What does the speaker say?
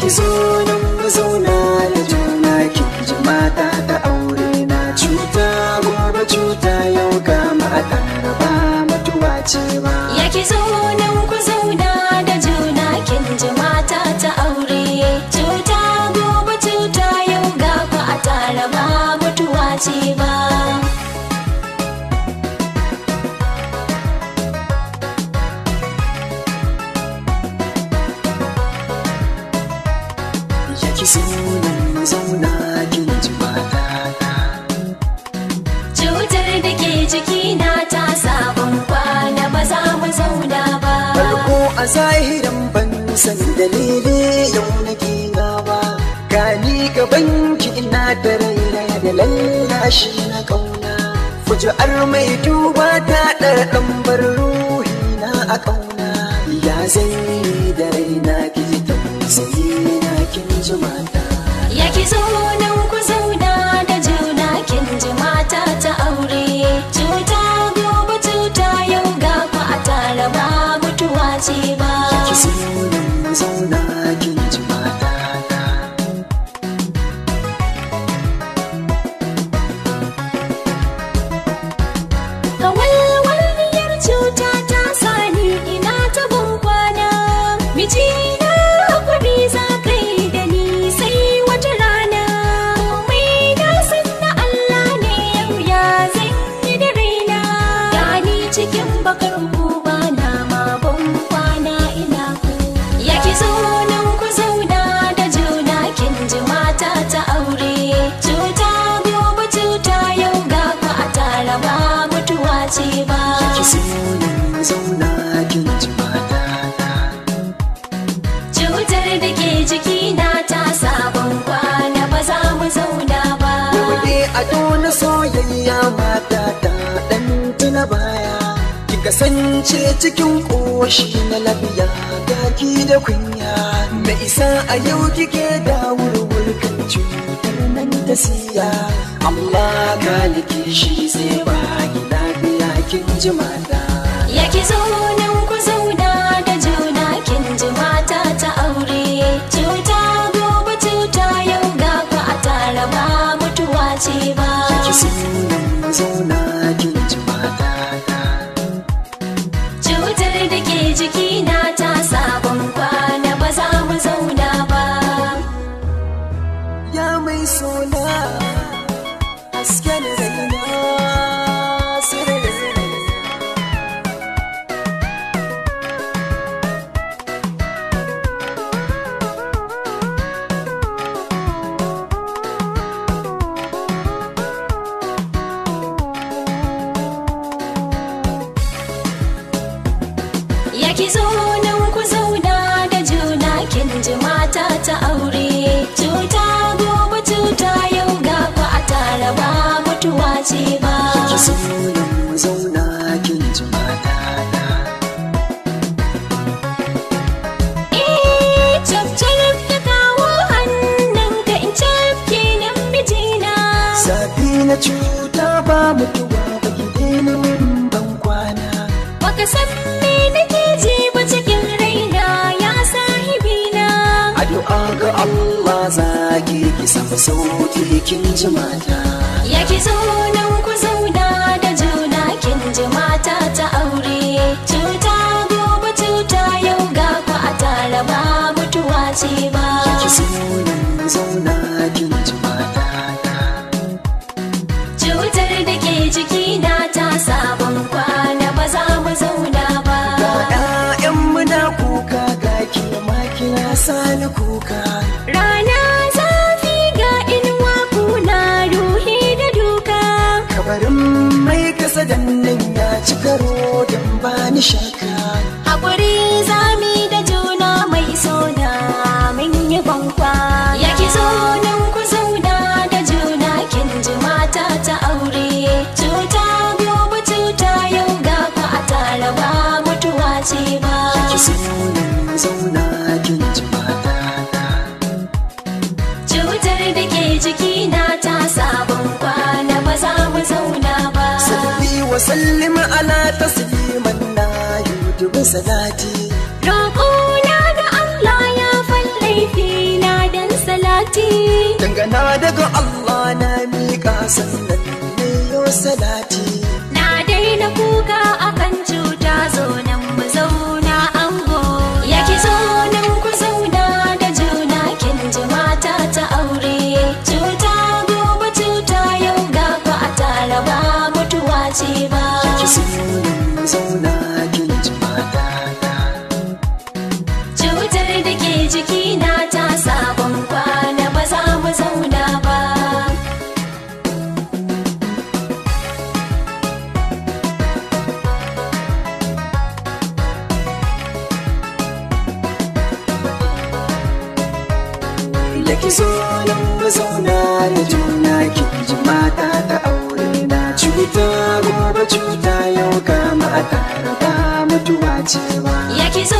ki zo nan mu zauna da juna ki ji mata ta aure na cuta gobe cuta yau ga mata ba mutuwa ce ba ya ki zo nan ku zauna da juna kin ji mata ta aure cuta gobe cuta yau ga ba a tara ba mutuwa ce ba da ke jiki na ta sabon kwana ba za mu zauna ba farko a zahirin ban san dalili yau nake ba gani gaban ki ina da raina, da lallashi na kauna fuji'ar mai duba ta ɗarɗan bar ruhi na a kauna ya zai da raina ki ji tausayi na kin ji ya ki zauna Arizona. da ke na ta sabon kwana ba za mu zauna ba. Dole a tona soyayya mata ta ɗan tuna baya. Ki kasance cikin ƙoshi na lafiya gaki da kunya. Na isa a yau kike da wurwur cutar nan ta siya. Amma ga shi zai baki. suna hasken zaina Yaki zo nan ku zauna da juna kin jima cuta ba mutuwa ba ki daina min ban kwana baka san me nake ji ba cikin raina ya sahibi na addu'a ga Allah zaki ki samu sauki kin ji mata ya ki zo nan ku zauna da juna kin ji mata ta aure mai kasa dannan ya ci karo don ba ni shaka وسلم على تسليما لا يوجب salati. روقونا ga Allah ya fallafi na dan salati dangana daga Allah na miƙa sannan ne yo salati ki zo nan zauna da juna ki ji mata ta aure na cuta gobe cuta yau ga mata ba mutuwa cewa ya ki zo